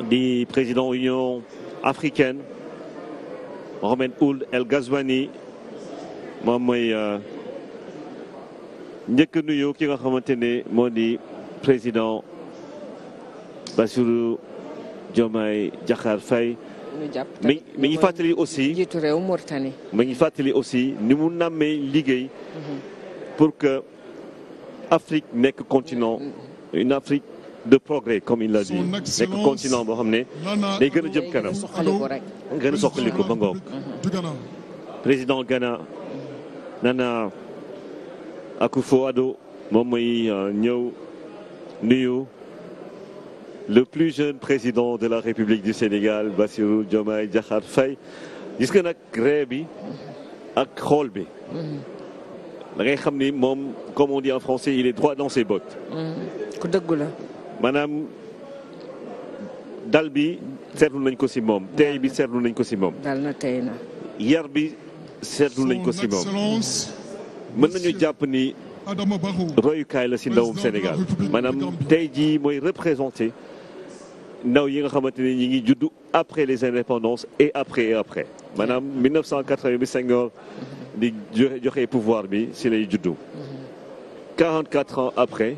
di président Union africaine Mohamed Ould El Ghazouani moom mooy euh, njëkk nuyu ki nga xamante ne moo di président Bassirou Diomaye Diakhar Faye. mi mi ngi fàttali aussi jiitu réew Mauritanie. aussi ni mu nàmmee liggéey. Mhm. pour que Afrique nekk continent mhm. une Afrique. de progrès comme il l'a dit nekk continent boo xam ne day gën a jëm kanam gën a ba ngoog président Ghana Nana Akufo-Addo moom mooy euh, ñëw nuyu le plus jeune président de la République du Sénégal Bassirou Diomaye Diakhar Faye gis nga nag ree bi ak xool bi da ngay xam ni moom comme on dit en français il est droit dans ses bottes mm. manaam dal bi seetlu nañ ko si moom teey bi seetlu nañ ko si moom. dal na yar bi seetlu nañ ko si moom. mën nañu jàpp ni royukaay la si ndawum Sénégal maanaam tey jii mooy représenté ndaw yi nga xamante ne ñi ngi juddu après les indépendances et après et après maanaam 1980 bi Senghor di joxe pouvoir bi si lay juddu ans après.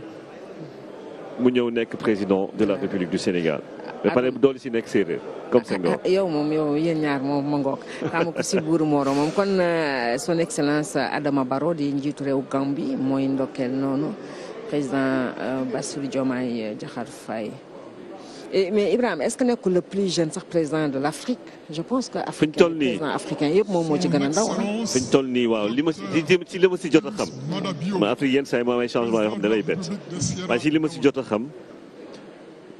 mu ñëw nekk président de la République du Sénégal. ba ah, si nekk séeréer comme Senghor. Ah, yow moom yow yéen ñaar moom ma ngoog si buuru Moro moom kon euh, son excellence euh, Adama Barrow di njiitu réew Gambie mooy ndokkeel noonu président euh, Bassirou Diomaye mais Ibrahima est-ce que nekkul le plus jeune sax président de l'Afrique je pense que. africain fi ñu toll nii président africain yëpp moom moo ci gën a ndaw ah. fi ñu toll nii waaw li ma si si li ma si jot a xam. ma Afrique yenn saa yi moo am ay changement yoo xam da lay bett waaye si li ma si jot a xam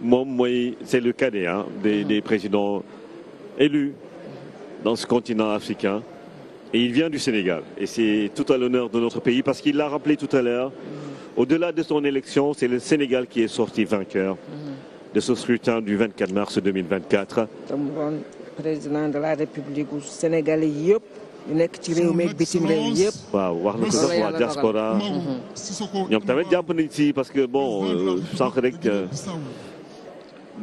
moom mooy c'est le cadet ah des des présidents élus dans ce continent africain. Et il vient du Sénégal. Et c'est tout à l'honneur de notre pays parce qu'il l'a rappelé tout à l'heure. Au-delà de son élection, c'est le Sénégal qui est sorti vainqueur. Mmh. de ce scrutin du 24 mars 2024. de la république yëpp. ñu nekk ci réew meeg bitim yëpp. waaw wax na ko ñoom tamit jàpp nañ ci parce que bon euh, rek euh,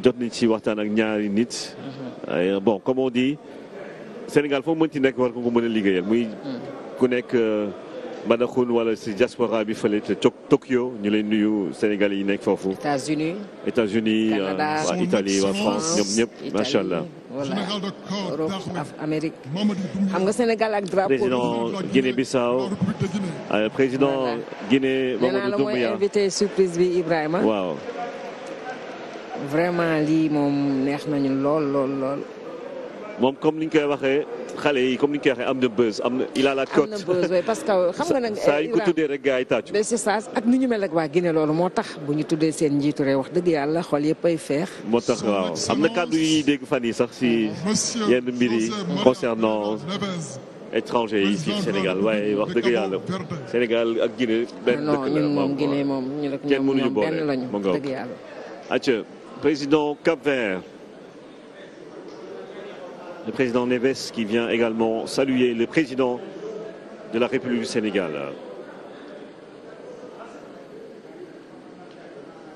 jot ci waxtaan ak ñaari nit. Euh, bon comme on dit ci nekk mën a liggéeyal muy Manakhoun wala si diaspora bi fële Tokyo ñu lay nuyu Sénégalais yi unis États-Unis ah, Italie waa France ñoom ñëpp macha allah. voilà Europe Amérique xam nga Sénégal ak drapeau. président Guinée Bissau ah, président Guinée Mamadou Doumbouya nee surprise bi Ibrahima. waaw. vraiment lii moom neex nañu lool lool lool. moom comme ni ñu koy waxee. xale yi comme ni ñu koy waxee am na buzz am na il a la cote. am parce que xam nga nag. saa yi ko tuddee rek gars yi tàccu. ak ni ñu mel ak waa Guinée loolu moo tax bu ñu tuddee seen njiitu réew wax dëgg yàlla xol yëpp ay feex. moo tax waaw am na kàddu yu ñuy dégg fan yi sax si yenn mbir concernant étranger yi fii Sénégal wax dëgg yàlla Sénégal ak Guinée. benn dëkk la moom Guinée moom ñu ne ko ñoom ñoom benn lañu. dëgg yàlla. acca président Cap Vert. le président Neves qui vient également saluer le président de la République du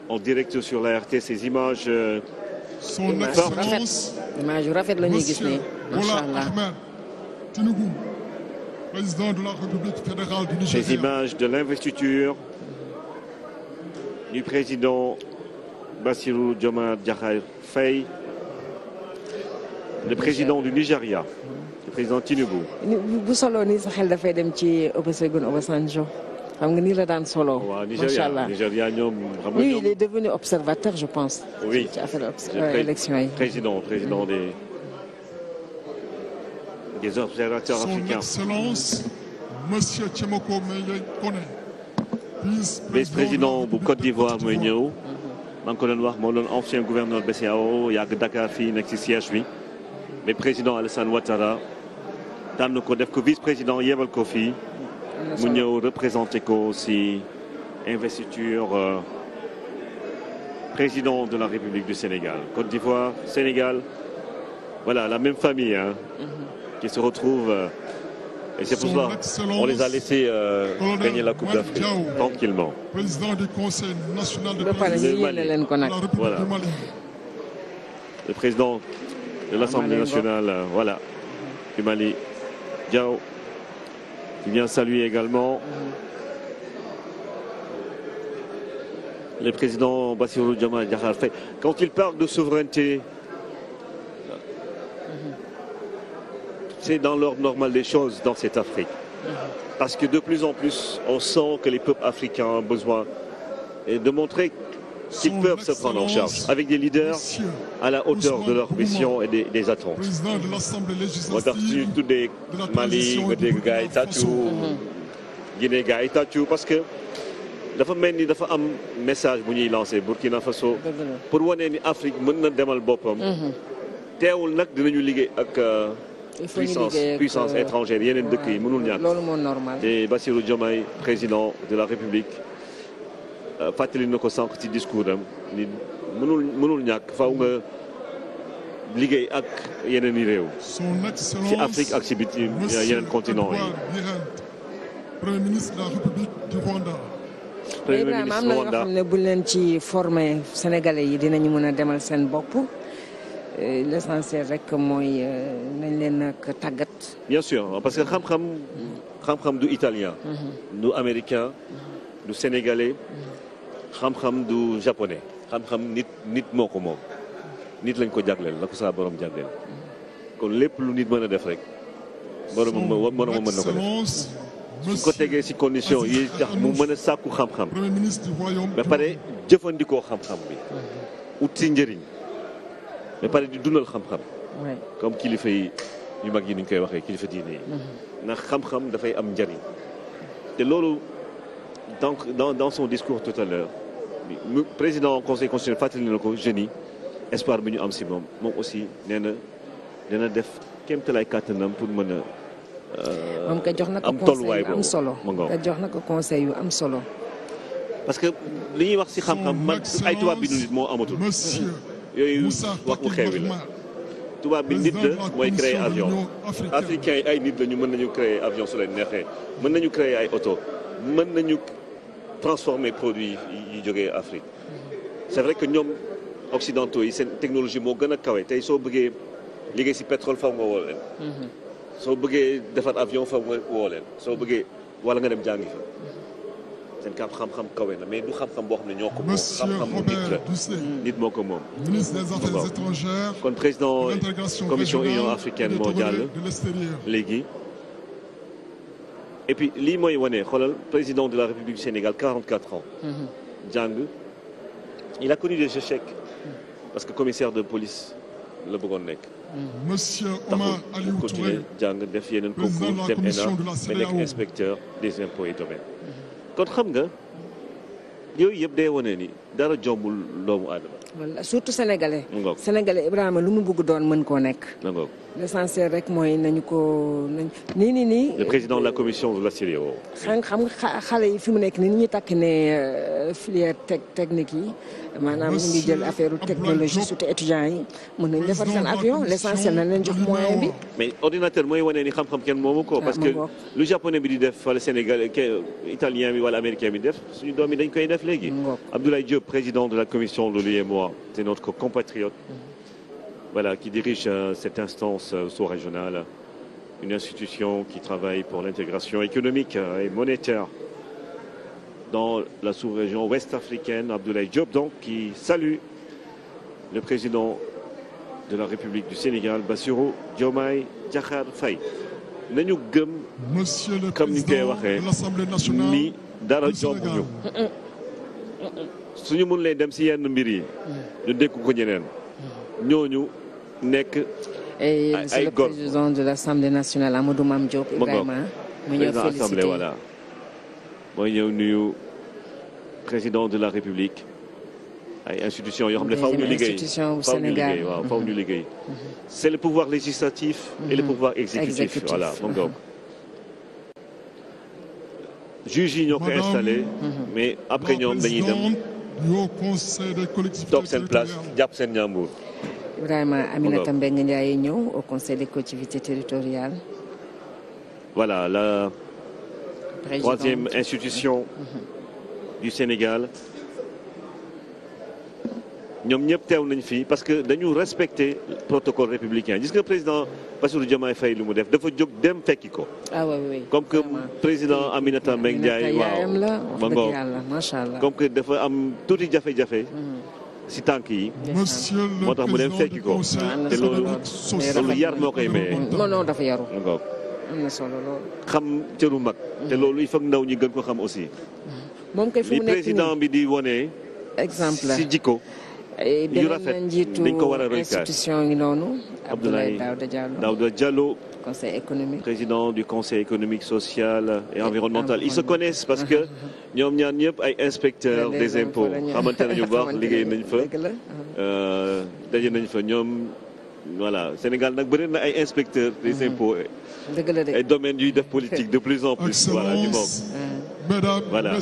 En direct sur la ces images euh, son excellence rafet la ñuy gis nii macha images de l'investiture du président Bassirou Diomaye Diakhar Faye le président du Nigeria. le président Tinubu. bu soloo nii sa xel dafay dem ci Olusegun Obasanjo xam nga nii la daan solo. macha allah Nigeria ñoom xam nga ñoom. il est devenu observateur je pense. oui ci affaire élection yi. président président des des observateurs africains. monsieur Thiemoko Meye Kone. président bu Côte d'Ivoire mooy ñëw. maa ngi wax moo doon ancien gouverneur BCEAO yàgg Dakar fii nekk ci bi. mais président Alassane Ouattara tànn ko def ko vice président yebal ko fii mu ñëw représenté ko si investiture euh, président de la République du Sénégal Côte d'Ivoire Sénégal voilà la même famille hein, mm-hmm. qui se retrouve euh, et c'est pour cela on les a laissés euh, gagner la Coupe d'Afrique tranquillement. président du conseil national de la République du Mali le président de l'Assemblée nationale euh, voilà du Mali Diao qui vient saluer également mm-hmm. le président Bassirou Diomaye Diakhar Faye quand il parle de souveraineté mm-hmm. c'est dans l'ordre normal des choses dans cette Afrique mm-hmm. parce que de plus en plus on sent que les peuples africains ont besoin de montrer qui peuvent se prendre en charge avec des leaders à la de leur mission et des, des attentes. On a reçu tous des Mali, des Gaïtatou, Guinée parce que dafa mel ni dafa am message bu ñuy lancé Burkina Faso pour wane ni Afrique mën na demal boppam. Mhm. teewul nag dinañu liggéey ak. Euh, puissance puissance euh, étrangère yeneen dëkk yi mënul ñàkk. loolu moo normal te Bassirou président de la République. Euh, fàttali na ko sànq ci discours am ni mënul mënul ñàkk faw nga liggéey ak yeneen i réew ci Afrique ak ci biti euh, yeneen continent yi premier ministre la République du Rwanda Ibrahima am na nga xam ne buñ leen ci formé sénégalais yi dinañu mën a demal seen bopp euh, l'essentiel rek mooy nañ leen ak tàggat bien sûr parce que mm-hmm. xam-xam du italien mm-hmm. du américain mm-hmm. du sénégalais xam-xam du japone xam-xam nit nit moo ko moom nit lañ ko jagleel la ko saa borom jagleel kon lépp lu nit mën a def rek boromam boromam mën na ko def suñ ko tegee si condition yi tax mu mën a sàkku xam-xam ba pare jëfandikoo xam-xam bi ut si njëriñ ba pare di dundal xam-xam comme kilifa yi yu mag yi ni koy waxee kilifa diine yi mm-hmm. ndax xam-xam dafay am njëriñ te loolu donc dans dans son discours tout à président conseil constitutionnel fàttali na ko jeunes yi espoir bu ñu am si moom moom aussi nee na dina def kéemtalaay kàttanam pour mën a. Euh, moom ka jox na ko conseil yu am solo ka na ko conseil yu am solo. parce que li ñuy wax si xam-xam man ay tubaab bi du nit moo amatul. yooyu wax mu xewi la. tubaab bi nit la mooy créer avion africain yi ay nit la ñu mën nañu créer avion su leen neexee mën nañu créer ay oto mën nañu transformer produit yi jógee Afrique c'est vrai que ñoom occidentaux yi seen technologie moo gën a kawe tey soo bëggee liggéey si pétrole faw nga woo leen mhm. soo bëggee defar avion faw nga woo leen soo bëggee wala nga dem jàngi fa seen kàpp xam-xam na mais du xam-xam boo xam ne ñoo ko moom xam hmm. ko moom. ministre des affaires étrangères. kon président commission lii mooy wane xoolal président de la république du Sénégal 44 ans. Mm-hmm. jàng a connu que commissaire de police la bëggoon nekk. Mm-hmm. monsieur jàng def yeneen concours dem kon xam nga yooyu yëpp day wane ni dara jombul doomu aadama wala surtout sénégalais. sénégalais Ibrahima lu mu bëgg doon mën koo nekk. l'essentiel rek mooy nañu ko nañ nii nii nii. le président de la commission de la CEDEAO. xam xam nga xale yi fi mu nekk nii ni ñuy takk ne euh, filière technique yi maanaam ñu ngi jël affaire technologie surtout étudiants yi mën nañ defar seen avion l'essentiel na leen jox moyen mais ordinateur mooy wane ni xam-xam kenn moomu ko. Ah, parce que lu japonais bi di def wala sénégalais italien bi wala américain bi def suñu doom yi dañ koy def léegi. Abdoulaye Diop président de la commission de l'UEMOA Senghor, c'est notre mhm. voilà, qui dirige euh, cette instance euh, sous-régionale, une institution qui travaille pour l'intégration économique euh, et monétaire dans la sous-région ouest africaine, Abdoulaye Diop, gëm. monsieur le suñu mun lay dem si yenn mbir yi. ñu dékk ko ñeneen. ñooñu nekk. ay ay c'est le président de l'Assemblée nationale Amadou Mame Diop. Ibrahima mu ñëw félicité voilà. mooy ñëw nuyu président de la République. ay institutions yoo xam ne faw ñu liggéey faw ñu liggéey waaw faw ñu mm-hmm. liggéey. Mm-hmm. c'est le pouvoir législatif. et le mm-hmm. pouvoir exécutif voilà moom donc. juges yi ñoo ko installé. mais après ñoom toog seen place jàpp seen ñaambur. Ibrahima Aminata Mbengue Ndiaye ñëw au conseil des collectivités territoriales. voilà la troisième institution mhm. du Sénégal. ñoom ñëpp teew nañ fii parce que dañu respecter protocole républicain gis nga président Bassirou Diomaye Faye lu mu def dafa jóg dem fekki ko. ah oui oui comme que président Aminata Mbengue Ndiaye waaw ma ngoog dafa am tuuti jafe-jafe. Mhm. si tànk yi moo tax mu dem fekki ko te loolu loolu yar moo koy maye. non non dafa yaru. am na solo loolu. xam cëru mag. te mhm. loolu il faut ndaw ñi gën ko xam aussi. moom président bi di wone exemple si jikko. Eh, yu rafet dañ ko war a roy institution yi noonu Abdoulaye Daouda Diallo conseil économique président du conseil économique social et environnemental ils se connaissent parce que ñoom ñaan ñëpp ay inspecteurs des impôts xamante nañu bu baax liggéey nañ fa euh, daje nañ fa ñoom voilà Sénégal nag bëri na ay inspecteurs des mm-hmm. impôts ay domaines yuy def politique de plus en plus voilà ñu voilà